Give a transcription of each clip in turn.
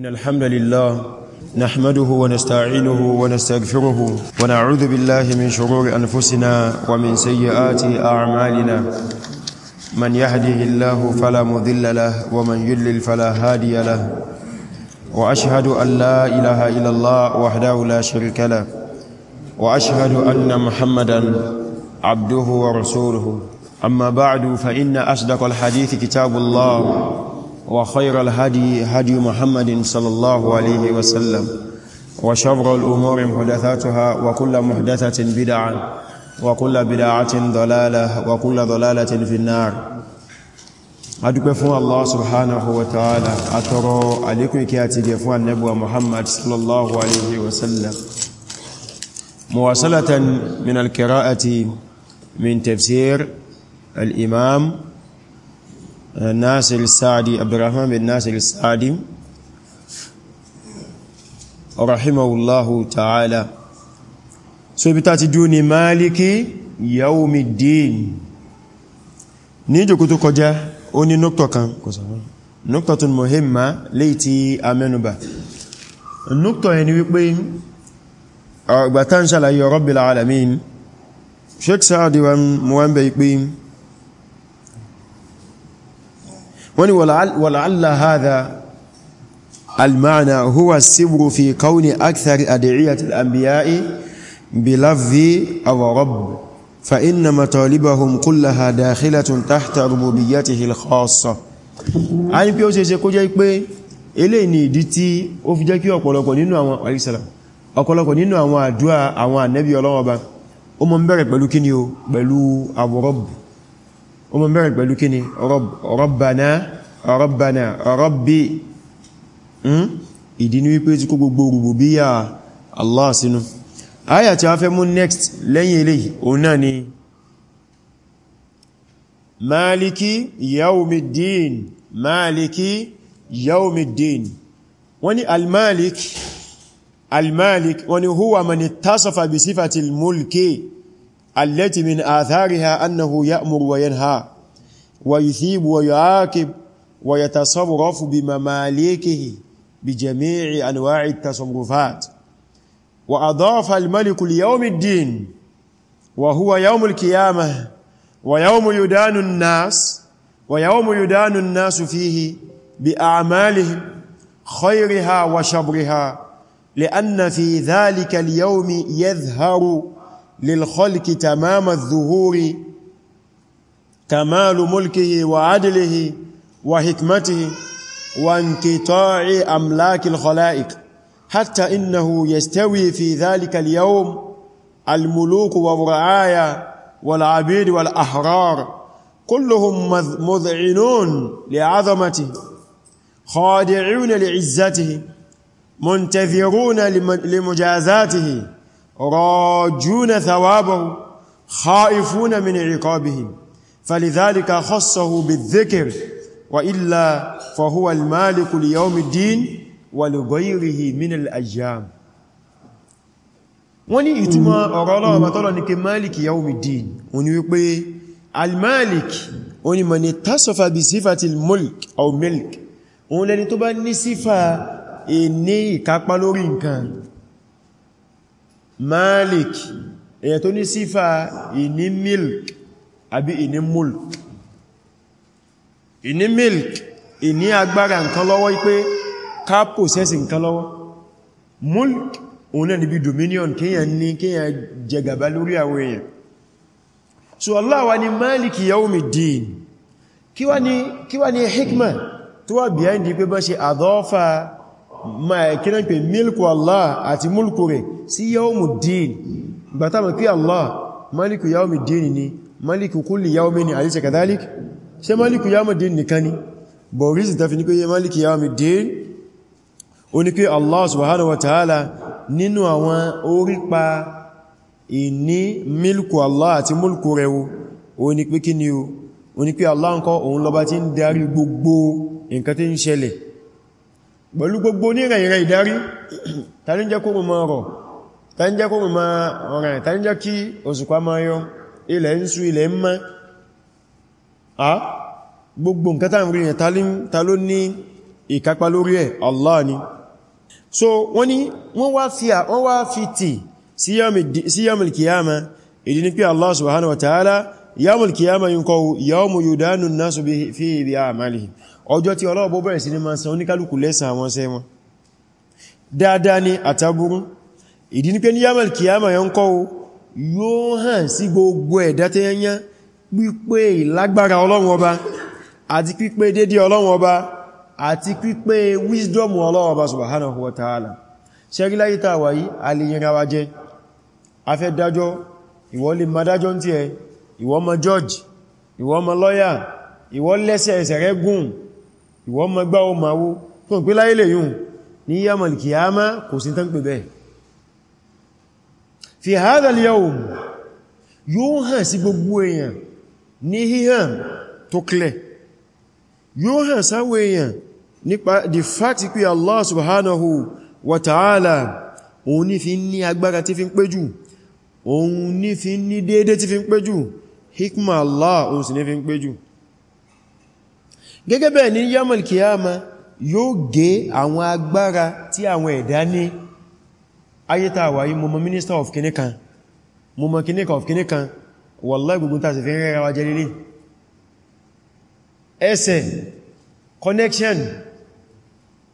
إن الحمد لله نحمده ونستعينه ونستغفره ونعوذ بالله من شرور أنفسنا ومن سيئات أعمالنا من يهده الله فلا مذل له ومن يلل فلا هادي له وأشهد أن لا إله إلا الله وحده لا شريك له وأشهد أن محمدا عبده ورسوله أما بعد فإن أصدق الحديث كتاب الله وخير الهدي هدي محمد صلى الله عليه وسلم وشر الأمور محدثاتها وكل محدثة بدعة وكل بدعة ضلالة وكل ضلالة في النار أدوك فون الله سبحانه وتعالى أترى عليكم كاتب فون نبوة محمد صلى الله عليه وسلم مواصلة من القراءة من تفسير الإمام nasir sa'adi abdurrahman bin nasir sa'adi rahimahullahu ta'ala so ibi ta ti dúó ni maliki yaomi din ní ìjòkó tó kọjá ó ní nọ́ktọ̀ kan nọ́ktọ̀ tún muhimma léyìí tí a mẹ́nubà nọ́ktọ̀ ẹni wípé ọgbàtán ṣàlàyé rabbil sheik sa'adi wa muwambe wípé wani wala'alla hadha al-ma'na huwa sibru fi kauni akthari adiyat al-anbiya'i bilafzi awarab fa inna matalibahum kullaha dakhilatun tahta rububiyyatihi al-khassa a ní pé ó ọ̀pọ̀lọpọ̀ nínú àwọn àrísàlá àwọn ànẹ́bí ọlọ́wọ́ ba mọ́ ń bẹ̀rẹ̀ pẹ̀lú kíni o pẹ̀lú àwọ̀rọ̀bù ó mọ̀ bẹ̀rẹ̀ pẹ̀lú kí ni rabbana rabbana rabbi hmm? ìdí ni wípé tí kó gbogbo rububiyya Allah sínú ayà tí a fẹ́ mú next lẹ́yìn eléyìí òun náà ni maliki yawmiddin maliki yawmiddin wọ́n ni almalik almalik wọ́n ni huwa man ittasafa bi mulki التي من آثارها أنه يأمر وينهى ويثيب ويعاقب ويتصرف بمماليكه بجميع أنواع التصرفات وأضاف الملك ليوم الدين وهو يوم القيامة ويوم يدان الناس ويوم يدان الناس فيه بأعمالهم خيرها وشبرها لأن في ذلك اليوم يظهر للخلق تمام الظهور كمال ملكه وعدله وحكمته وانقطاع أملاك الخلائق حتى إنه يستوي في ذلك اليوم الملوك والرعايا والعبيد والأحرار كلهم مذعنون لعظمته خادعون لعزته منتذرون لمجازاته راجون ثوابه خائفون من عقابهم فلذلك خصه بالذكر وإلا فهو المالك ليوم الدين ولغيره من الأيام wọ́n ní ìtumọ̀ ọ̀rọ̀ ọlọ́ọ̀bà tọ́lọ̀ ní kí máàlìkì yau mi dìn òní wípé almalik òní mọ̀ ní tasofa bí sífà tí mulk or milk òun lẹni tó bá ní sífà èní ìkápá lórí nǹkan malik èyàn tó ní sífà ìní milk àbí ìní mulk ìní milk ìní agbára nǹkan lọ́wọ́ ipé ká pòsẹ́sì nǹkan lọ́wọ́ mulk òun náà níbi dominion kíyàn ní kíyàn jẹgàbá lórí àwọn èèyàn so Allah wa ni maliki yawmiddin kí wá ní hikma tó wà behind pé bá ṣe àdọ́fà kíran pé milku Allah àti mulku rẹ̀ sí yawmu din gbàtà mọ̀ pí Allah maliku yawmi din ni maliku kulli yawmi ni àyíṣẹ́ kadhalik ṣe maliku yawmi din nìkan ni boris ta fi ní pé yẹ maliku yawmi din o ní pé Allah subhanahu wa ta'ala nínú àwọn orípa ìní milku Allah àti mulku rẹ̀ o ní pé kí ni o ní pé Allah ń kọ́ òun lọ́ba tí ń darí gbogbo nǹkan tí ń ṣẹlẹ̀ pẹ̀lú gbogbo onírẹ̀ ìrẹ̀ ìdarí tàbí jẹ́ kó mọ̀ ọ̀rọ̀ tàbí jẹ́ kó mọ̀ ọ̀rẹ̀ tàbí jẹ́ kí òṣùpá máa yọ ilẹ̀ ń sú ilẹ̀ ń mọ́ a gbogbo nǹkan tàbí rìnrìn ta ló ní so wọ́n ni wọ́n wá fi tì sí yamul kiyama ìdí ni pé Allah subhanahu wa ta'ala yamul kiyama yunqaw yawmu yudanu an ọjọ́ tí Ọlọ́run bó bẹ̀rẹ̀ sí ní máa san oníkálùkù lẹ́san àwọn ṣẹ́ wọn dáadáa ni àtàbúrú ìdí ni pé ní yamal kiyama yọ ń kọ́ o yóò hàn sí gbogbo ẹ̀dá tẹ́yẹnyá pípé ìlágbára Ọlọ́run ọba àti pípé dédé Ọlọ́run wisdom Ọlọ́run ọba subhanahu wa ta'ala ṣẹ́rí láyé tàwà yìí alìyìnrawa jẹ́ afẹ́ dájọ́ ìwọ lè judge ìwọ lawyer ìwọ lẹ́sẹ̀ ẹ̀sẹ̀ rẹ̀ gùn ìwọ mọ́ gbá o máa wó tó ń pé láyé lè yùn ní yamal kìyàmá kò sí tán pè bẹ́ẹ̀ fi hadha al-yawm yóò hàn sí gbogbo èèyàn ní híhàn tó kílẹ̀ yóò hàn sáwọ èèyàn nípa the fact pé Allah subhanahu wa ta'ala òun ní fi ní agbára tí fi ń pé jù òun ní fi ní déédé tí fi ń pé jù Allah òun sì ní fi ń pé gẹ́gẹ́ bẹ́ẹ̀ ní yamal kiyama yóò gé àwọn agbára tí àwọn ẹ̀dá ní ayétàwà yí mọ́mọ́ minister of kinikan mọ́mọ́ kinikan of kinikan wallahi gbogbo tàbí fi rẹ̀rẹ̀ wa jẹ́lélé ẹsẹ̀ connection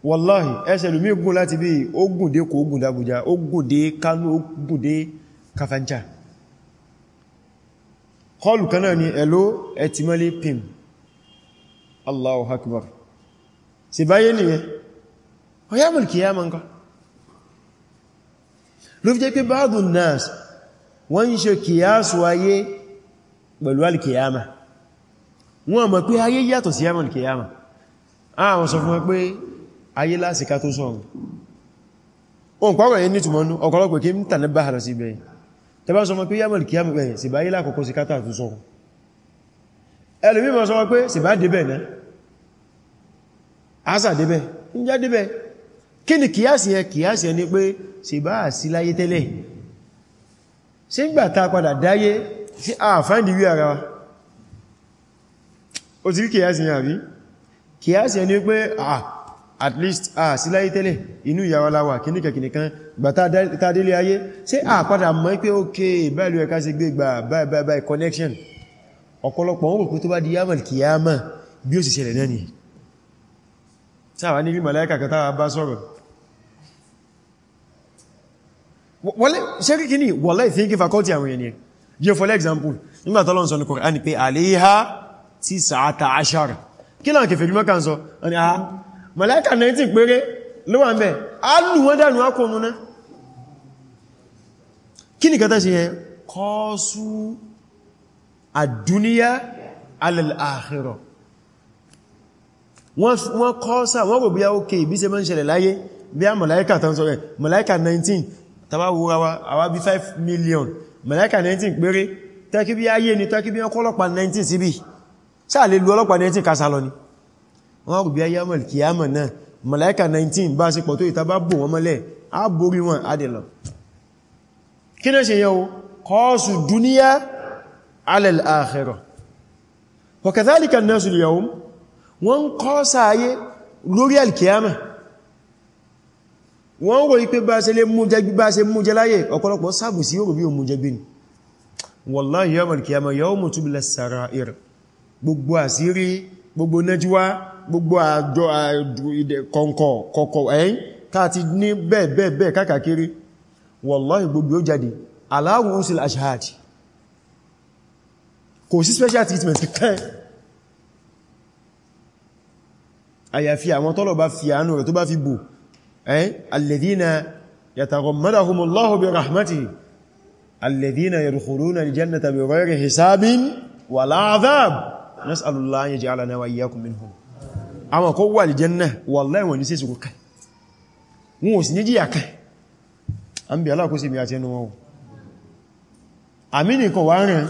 wallahi ẹsẹ̀ lómi gùn láti bí ogun dé kò ogun dàbújá ogun dé Kánò ogun kọlù kanáà ni ẹ̀ló ẹ̀tìmọ́lé pim Allahu akbar ṣe báyé nìyẹn ọ̀yá mọ̀lùkì yá mọ̀ǹkan ló fi jẹ́ pé báàdù nas wọ́n ṣe kìyàsù ayé pẹ̀lú alìkìyàmà wọ́n mọ̀ pé ayé yàtọ̀ sí yàmọ̀ alìkìyàmà àwọn sọ fún wọn pé ayé lásìká tó sọ̀rọ̀ ohun pàwọ̀ yẹn nítùmọ̀nú ọ̀kọ̀lọpọ̀ kí ń tàn ẹlùmí mọ́ sọ pé sì bá débẹ̀ náà asà débẹ̀ ń já débẹ̀ kí ni kìyàsí ẹ kìyàsí ẹ ní pé sì bá sí láyé tẹ́lẹ̀ sí ń gbàta padà dáyé sí àfáìdì wí ara wa ó ti rí kìyàsí ẹ àrí kìyàsí ẹ ní pé ah at least ah sí láyé tẹ́lẹ̀ inú ìyàwó aláwà kìníkẹ̀kìníkan gbàtà délé ayé sí àpadà mọ́ pé okay báyìí ló ẹ̀ká sí gbé gbà báyìí connection ọ̀pọ̀lọpọ̀ wọn kò tó bá di yamal kiyama bí ó sì ṣẹlẹ̀ náà ni sáwà ní rí màláíkà kan táwà bá sọ̀rọ̀ ṣẹ́kìkì ní wallahi thinking faculty àwọn ènìyàn yíò for example nígbà tọ́lọ́n sọ ní Kùránì pé àléhá tí sàátà aṣára kí láwọn kẹfẹ̀ rímọ́ kan sọ ọ̀nà àá ah, màláíkà 19 péré ló wà ń bẹ̀ á lù wọ́n dànù á kọ̀ọ̀nù náà àdúníyà alàlàáhìrọ̀ wọ́n kọ́ọ́sà wọ́n rò bí i ókè bí se mọ́ ń ṣẹlẹ̀ láyé bí i mọ̀láíkà tán sọ rẹ̀ mọ̀láíkà 19 tàbáwúrawa àwá bí 5 million mọ̀láíkà 19 péré tẹ́kí bí ayé ni tẹ́kí bí ọkọ́lọ́pàá 19 síbí sáà lè lu ọlọ́pàá 19 kásálọ ni wọ́n rò bí i yàmọ̀ kìyàmọ̀ náà mọ̀láíkà 19 bá على الآخرة وكذلك الناس اليوم wọ́n kọ́ sáyé lórí alkiyama wọ́n rò ipé bá ṣe lè mú jẹ bá ṣe mú jẹ láyé ọ̀pọ̀lọpọ̀ sáàbù sí yóò bí o mú jẹ bí ní wallahi yawm alkiyama yawm tubla sarair gbogbo àṣírí gbogbo najwa gbogbo àjọ kọ̀ǹkọ̀ kò sí special treatment kankan àyàfi àwọn tọ́lọ̀ bá fi àánú rẹ̀ tó bá fi bò ẹ́n alladhina yataghammadahumullahu bi rahmatihi alladhina yadkhuluna aljannata bi ghayri hisabin wala adhab nas'alullaha an wà aljanna wallahi kan wọn ò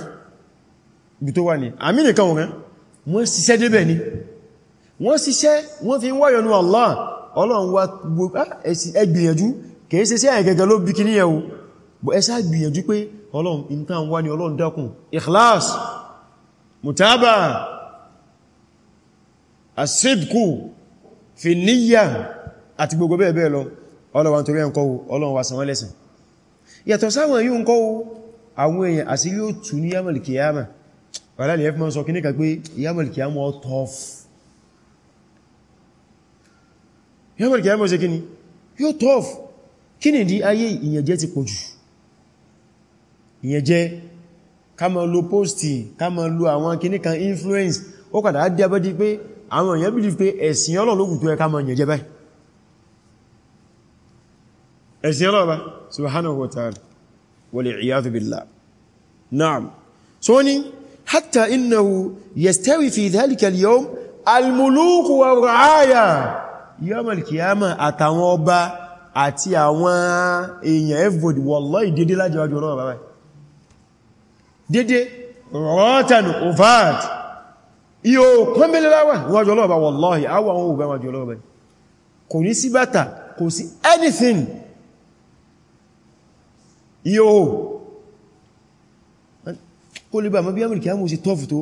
bí tó wà ní àmì nìkan wọ́n wọ́n ṣiṣẹ́ débẹ̀ ni wọ́n ṣiṣẹ́ wọ́n fi ń wá yọ́nú Allah ọlọ́run wá ah, ẹgbìyànjú kìí ṣe sí àìgẹ̀gẹ̀ ló bí kìí yẹ̀wò bọ̀ ẹsá gbìyànjú pé ọlọ́run ìntàn wá ní ọlọ́run mutaba asibku finiya àti gbogbo bẹ́ẹ̀ bẹ́ẹ̀ lọ ọlọ́run torí ẹnkọ́ ọlọ́run wá san wọ́n lẹ́san yàtọ̀ sáwọn yíò ń kọ́ àwọn èèyàn àsírí ó tù ní yamal kìyàmà ọ̀lá lè fún sọ kíníkà pé ìyàmọ̀lìkì àmọ́ tọ́f ìyàmọ̀lìkì àmọ́ ṣe kíní yóò tọ́f kí ni di ayé ìyẹ̀jẹ́ ti pọ̀ jù ìyẹ̀jẹ́ ká má lo póstì ká má lo àwọn kíníkà influence ó kàdà á díabẹ́dí pé àwọn èèyàn bí pé ẹ̀sìn ọlọ́lọ́gùn tó ẹ ká má yẹ̀jẹ́ báyìí ẹ̀sìn hatta innahu yastawi fi dhalika al-yawm al-muluk wa ar-ra'aya yawm al-qiyamah àtàwọn ọba àti àwọn èèyàn everybody wallahi dédé laje wájú Ọlọ́run baba dédé rotan ufat iyo pembele lawa wájú Ọlọ́run baba wallahi àwa wọn oba wájú Ọlọ́run baba kò ní sí bàtà kò anything iyo kó lè bá mọ́ bí àmìlì kí á mú sí tọ́fù tó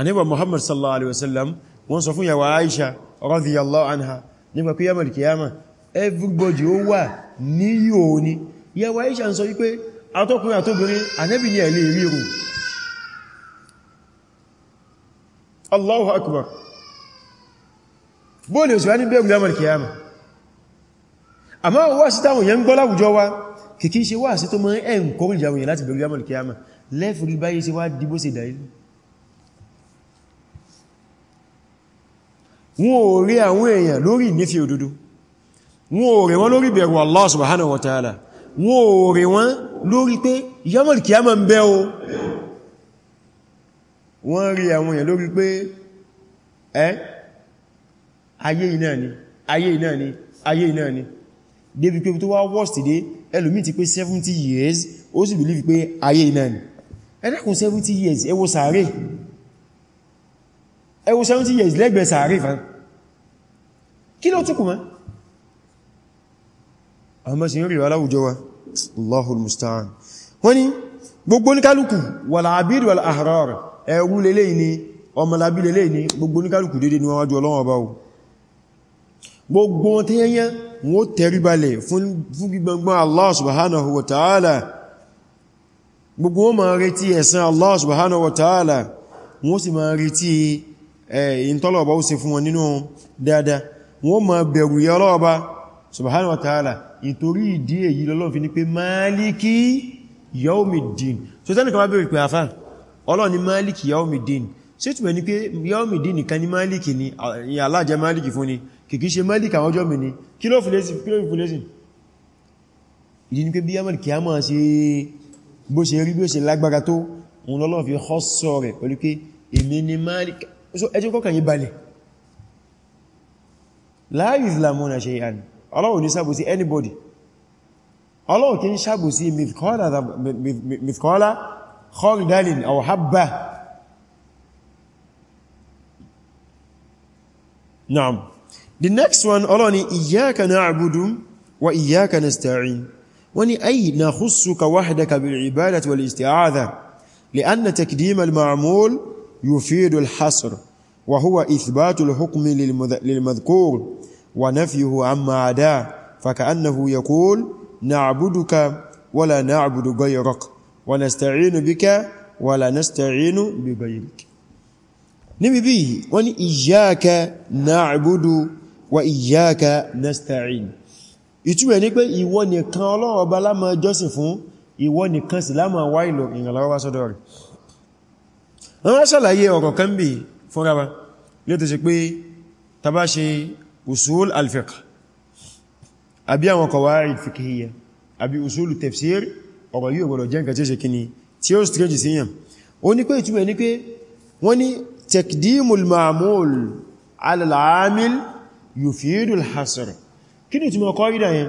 àníbà Muhammad sallallahu alaihi wasallam wọ́n sọ fún yàwó Aisha radiyallahu anha nípa pé yàmìlì kiyama everybody ó wà ní yóò ní yàwó Aisha ń sọ wípé atọ́kùnrin àtóbìnrin ànẹ́bì ní ẹ̀lẹ́ ìrírù Allahu akbar bóòlù òsìwá ní bẹ́ẹ̀gù yàmìlì kiyama àmá wá sí táwọn yẹn gbọ́ láwùjọ wa kìkí ṣe wá tó mọ́ ẹ̀ ń kọrìjàwòyìn láti bẹ̀rù yàmìlì kiyama lẹ́fìrí báyé ṣe wá dìbò sí ìdáyé wọn ò rí àwọn èèyàn lórí ìnífẹ́ òdodo wọn ò rí wọn lórí bẹ̀rù Allah subhanahu wa ta'ala wọn ò rí wọn lórí pé yamal kiyama ń bẹ o wọ́n rí àwọn èèyàn lórí pé ẹ́ ayé iná ni ayé iná ni ayé iná ni débi pé tó wá worst dé ẹlòmí years ó sì believe pé ayé iná ẹ̀dẹ́kùn 70 years ẹ wo sàárè ẹ wo 70 years lẹ́gbẹ̀ sàárè fa kí ló túnkù mọ́ àwọn mọ́sí ń rí aláwùjọ wa allahul musta'an wọ́n ni gbogbo oníkálùkù wal abid wal ahrar ẹ̀rú lélẹ̀ ni ọmọlábí lélẹ̀ ni gbogbo oníkálùkù dédé ni wọ́n wájú ọlọ́wọ́ bá o gbogbo tẹ́yẹnyẹ wọ́n tẹríbalẹ̀ fún gbígbọ́n Allah subhanahu wa ta'ala gbogbo wọn máa retí ẹ̀san Allah subhanahu wa ta'ala wọ́n sì máa retí ìntọ́lọ̀ọba ó ṣe fún wọn nínú dáadáa wọ́n máa bẹ̀rù ya ọlọ́ọba subhanahu wa ta'ala ìtorí ìdí èyí lọ́lọ́ fi ní pé máàlìkì yawmiddin so tẹ́nì kan bá bèèrè pé afá ọlọ́ ni máàlìkì yawmiddin sí túnmẹ̀ ní pé yawmiddin nìkan ni máàlìkì ni Allah jẹ́ máàlìkì fún ni kìkì ṣe máàlìkì àwọn ọjọ́ mi ni kí ló fi lẹ́sìn ìdí ni pé bí yàmàlì kìí bó ṣe rí bí ó ṣe lágbára tó òun lọ́lọ́ fi họ́ sọ rẹ̀ pẹ̀lú pé èmi ni Malik so ẹjọ́ kọ́kàn yí balẹ̀ la yuzlamuna shay'an Ọlọ́run ní sábòsí anybody Ọlọ́run the next one Ọlọ́run ní iyyaka na'budu wa iyyaka nasta'in وني أي نخصك وحدك بالعبادة والاستعاذة لأن تكديم المعمول يفيد الحصر وهو إثبات الحكم للمذكور ونفيه عما عداه فكأنه يقول نعبدك ولا نعبد غيرك ونستعين بك ولا نستعين بغيرك نبي به وني إياك نعبد وإياك نستعين ìtumọ̀ ní pé ìwọ nìkan Ọlọ́run ọba la máa jọ́sìn fún ìwọ nìkan sì la máa wá ìlò ìrànlọ́wọ́ wá sọ́dọ̀ rẹ̀ wọ́n ṣàlàyé ọ̀rọ̀ kan bí fúnra wa lè tó ṣe pé tàbá ṣe usul al-fiqh àbí àwọn qawaid fiqhiyya àbí usul tafsir ọ̀rọ̀ yìí ọ̀rọ̀ jẹ́ nǹkan tí yufidul hasr kí ni ìtumọ̀ kọ́rídà yẹn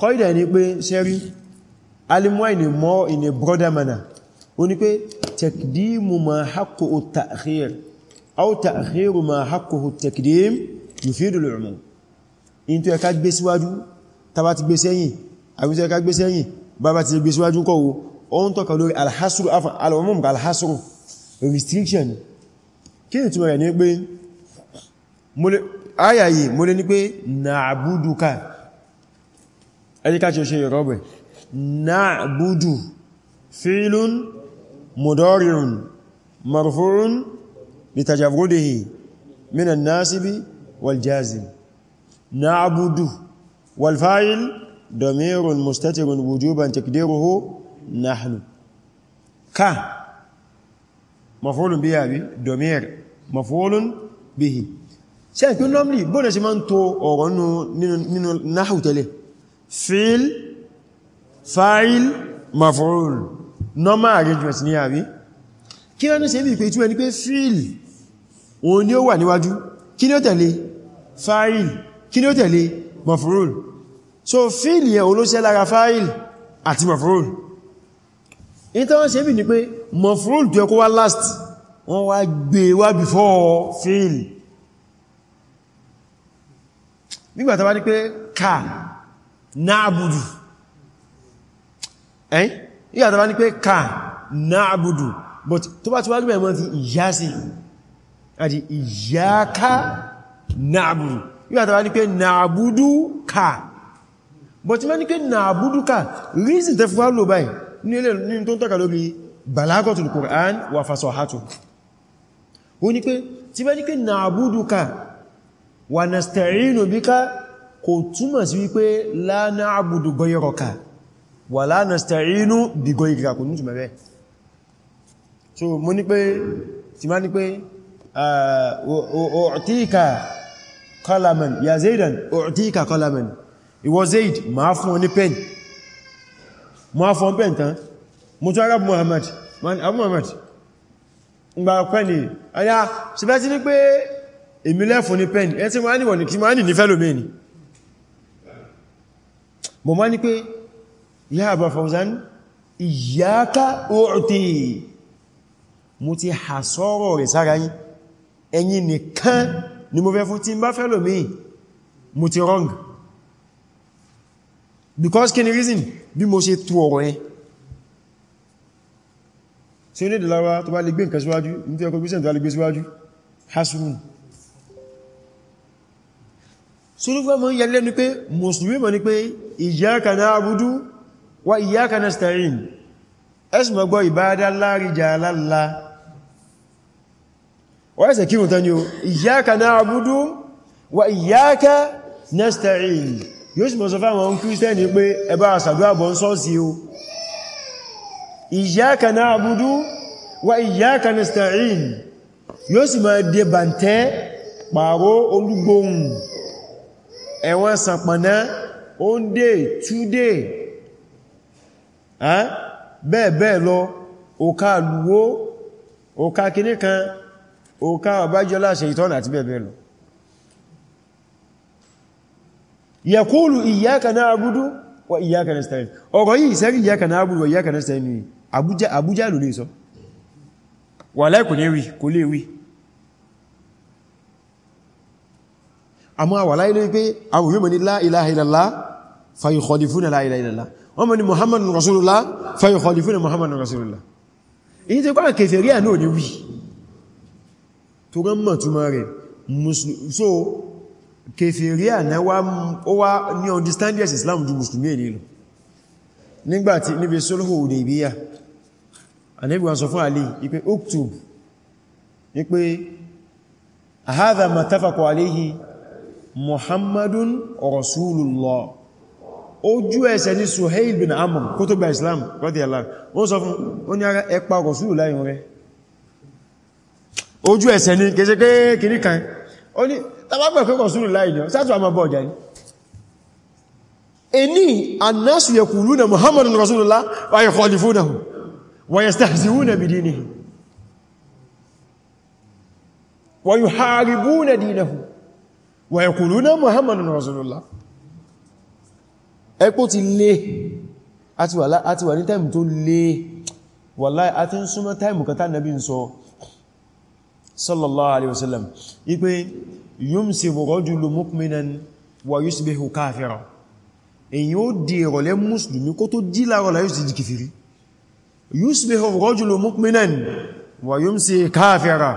kọ́rídà yẹn ni pé sẹ́rí alimwa in a more in a broader manner ó ní pé takdimu ma haqqu at-ta'khir aw ta'khiru ma haqqu at-takdim yufidu al-umum in tó ẹka gbé síwájú tàbá ti gbé sẹ́yìn àbíṣẹ́ ẹka gbé sẹ́yìn bàbá ti gbé síwájú kọ́ wo ó restriction kí ni ìtumọ̀ rẹ̀ áyà yìí mo lè ní pé na'buduka ẹjíká ṣe ṣe ìrọ́bẹ̀ na'budu fílún mudọ́rìrùn marfurun litajarrudihi minan nasibi waljazim na'budu walfa'il damirun mustatirun wujuban takdiruhu nahnu ka mafulun bihi abi domir mafulun bihi ṣe ẹ̀kí normally bóòdẹ̀ sí máa ń to ọ̀rọ̀ nínú náhù tẹ́lẹ̀ fíl fáìl maf'ul normal arrangement ní àrí kí wọ́n ní ṣe bí ìpé tí wọ́n ní pé fíl òun ni ó wà níwájú kí ni ó tẹ̀lé fáìl kí ni ó tẹ̀lé maf'ul so fíl yẹn olóṣẹ́ lára fáìl àti maf'ul in wọ́n ṣe bí ní pé maf'ul tó ẹkọ́ wá last wọ́n wá gbé wá before fíl nígbà tá bá ní pé ká náàbùdù ẹ́yìn nígbà tá bá ní pé ká náàbùdù but tó bá tí wájú mẹ́rin mọ́ ti ìyá sí àti ìyáká náàbùdù nígbà tá bá ní pé náàbùdù ká but mẹ́rin pé náàbùdù ká reason tẹ́ fún wálò báyìí ní ilé ní tó ń tọ́ka lórí balaghatul Qur'an wa fasahatuhu ó ní pé tí bá ní pé náàbùdù wa nasta'inu bika kò túmọ̀ sí wípé abudu na'budu ghayraka wa la nasta'inu bi ghayrika kò ní túmọ̀ bẹ́ẹ̀ so mo ní pé tí má ní pé u'tika qalaman ya Zaidan u'tika qalaman ìwọ Zaid máa fún ọ ní pen máa fún pen tán mo tún Arab Muhammad man Abu Muhammad ń gba pẹ́ni ayá ṣe sí èmi lẹ́fún ní pen ẹ tí ma ní wọ̀n kí ma ní ní fẹ́lòmí ni mo ma ní pé ya Aba Fawzan iyyaka u'ti mo ti hà sọ́rọ̀ rẹ̀ sára yín ẹ̀yin nìkan ni mo fẹ́ fún tí bá fẹ́lòmí mo ti wrong because kí ni reason bí mo ṣe tú ọ̀rọ̀ yẹn ṣe ní ìdìlára tó bá lè gbé nǹkan síwájú ní tí ọkọ̀ gbé síwájú hasrun so ló fẹ́ mọ́ yẹ lẹ́nu pé mùsùlùmí mọ̀ ní pé iyyaka na'budu wa iyyaka nasta'in ẹsùn mọ̀gbọ́ ìbádá láríjà aláàlá wọ́n ẹsẹ̀ kírùn tán ni o iyyaka na'budu wa iyyaka nasta'in yóò sì mọ̀ sọ fáwọn ẹ̀wọ̀n sànpọ̀nà one day two day bẹ́ẹ̀ bẹ́ẹ̀ lọ òká lúwó òká kìní kan òká ọbájọ́lá ṣe ìtọ́nà àti bẹ́ẹ̀ bẹ́ẹ̀ lọ yẹ̀kúlù iyyaka na'budu wa iyyaka nasta'in ọ̀rọ̀ yìí sẹ́rí iyyaka na'budu wa iyyaka nasta'in Abuja Abuja lò lè sọ wà láìkò ní rí kò lè rí àmọ́ àwà láyé lórí pé àwọn yóò mọ̀ ní la ilaha illallah fayukhalifuna la ilaha illallah wọ́n mọ̀ ní muhammadu rasulullah fayukhalifuna muhammadu rasulullah èyí tí kọ́nà kèfèrí à náà ní wí so kèfèrí à náà wá ní understand yes islam ju musulmi èlé lọ nígbàtí níbi sulhu Hudaybiyah ànábì wá sọ fún Ali ipe uktub ipe hadha ma tafaqu alayhi muhammadun rasulullah ojú ẹsẹ̀ ní suhail bin amr kó tó gba islam radiyallahu ó sọ fún ó ní ara ẹpa rasulu láyìn rẹ ojú ẹsẹ̀ ní kéṣe kéèkiri kan ó ní tàbápẹ̀ pé rasulu láyìn sátù àmà bọ̀ ọ̀dá ní ẹni annasu yaquluna muhammadun rasulullah wa wa yaquluna Muhammadun Rasulullah ẹ̀pọ̀ ti lé àti wà ní táìmù tó lé wallahi àti ń súnmọ́ táìmù kan táà nàbí ń sọ sallallahu alaihi wasallam ipé yumsiku rajulu mu'minan wa yusbihu kafira èyí ó di ìrọ̀lẹ́ mùsùlùmí kó tó jí láàrọ̀lá yóò sì di kìfìrí yusbihu rajulu mu'minan wa yumsi kafira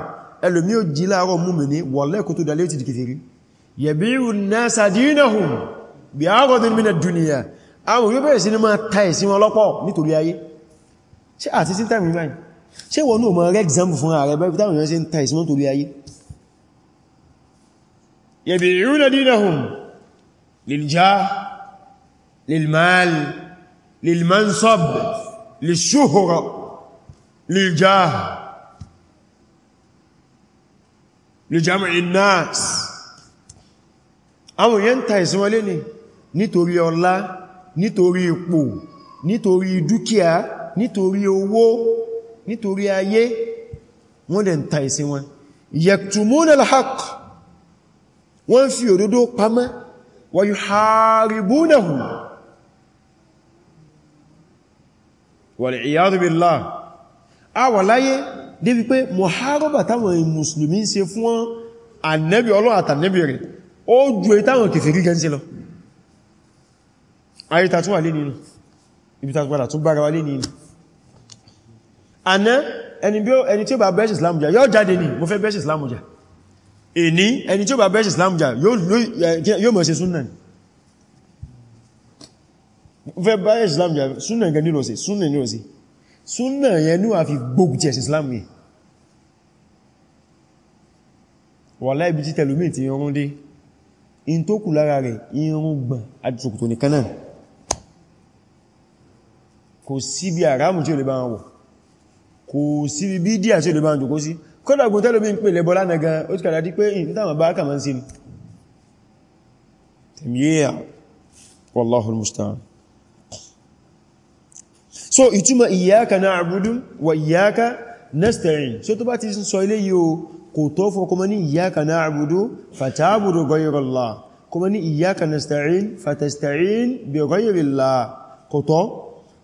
ẹlòmí ó jí láàrọ̀ mùmìnì wallahi kó tó dalé ti di kìfìrí yabi'u an-nasa dinahum bi'aradin min ad-dunya àwọn yóò bẹ̀rẹ̀ sí ní máa ta ẹ̀sìn wọn lọ́pọ̀ nítorí ayé ṣe àti sí tàbí báyìí ṣe wọ́n náà mọ̀ rẹ̀ example fún ààrẹ báyìí táwọn yóò ṣe ń ta ẹ̀sìn wọn torí ayé yabi'una dinahum liljah lilmal lilmansab lishuhra liljah lijam'i an-nas àwọn èèyàn ta ìsìn wọlé ni nítorí ọlá nítorí ipò nítorí dúkìá nítorí owó nítorí ayé wọ́n dẹ̀ ń ta ìsìn wọn yaktumuna al-haqq wọ́n fi òdodo pamọ́ wa yuharibunahu wal-iyadhu billah a wà láyé débi pé mọ̀háróbà táwọn mùsùlùmí ń fún àtànẹ́bì rẹ̀ ó ju èyí táwọn kèfèrí gẹ́ ń ṣe lọ ayé ta tún wà lé nínú ibi ta padà tún gbára wà lé nínú àná ẹni tí ó bá bẹ́ṣì islam jà yóò jáde ní mo fẹ́ bẹ́ṣì islam jà èní ẹni tí ó bá bẹ́ṣì islam jà yóò mọ̀ ṣe súnnà ní mo fẹ́ bẹ́ṣì islam sí súnnà nílò sí súnnà yẹn ní yọrún dé in tó kù lára rẹ̀ irùngbọ̀n àti ṣòkòtò nìkan náà kò sí bí àrámù tí ó lè bá wọ̀ kò sí bí bí díà tí ó lè bá wọn jòkó sí kọ́dà tẹ́lómi ń pè lẹ́bọ́ lánàá ó ti kàdà dí pé bá wallahul so ìtumọ̀ iyyaka wa Iyaka. nasta'in so tó bá ti sọ ilé yìí o kò tó fún kọmọ ní iyyaka na'budu fata'budu ghayra Allah kọmọ ní iyyaka nasta'in fatasta'in bi ghayri Allah kò tó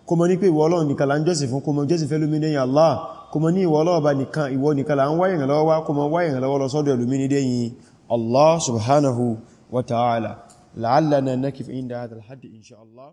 kọmọ ní pé ìwọ Ọlọ́run nìkan la ń jọ́sìn fún kọmọ jọ́sìn fẹ́lú mi lẹ́yìn Allah kọmọ ní ìwọ Ọlọ́run nìkan ìwọ nìkan la ń wá ìrànlọ́wọ́ wá kọmọ wá ìrànlọ́wọ́ lọ sọ́dọ̀ ẹlòmí ní dẹ́yìn Allah subhanahu wa ta'ala la'allana nakif inda hadha al-hadd insha Allah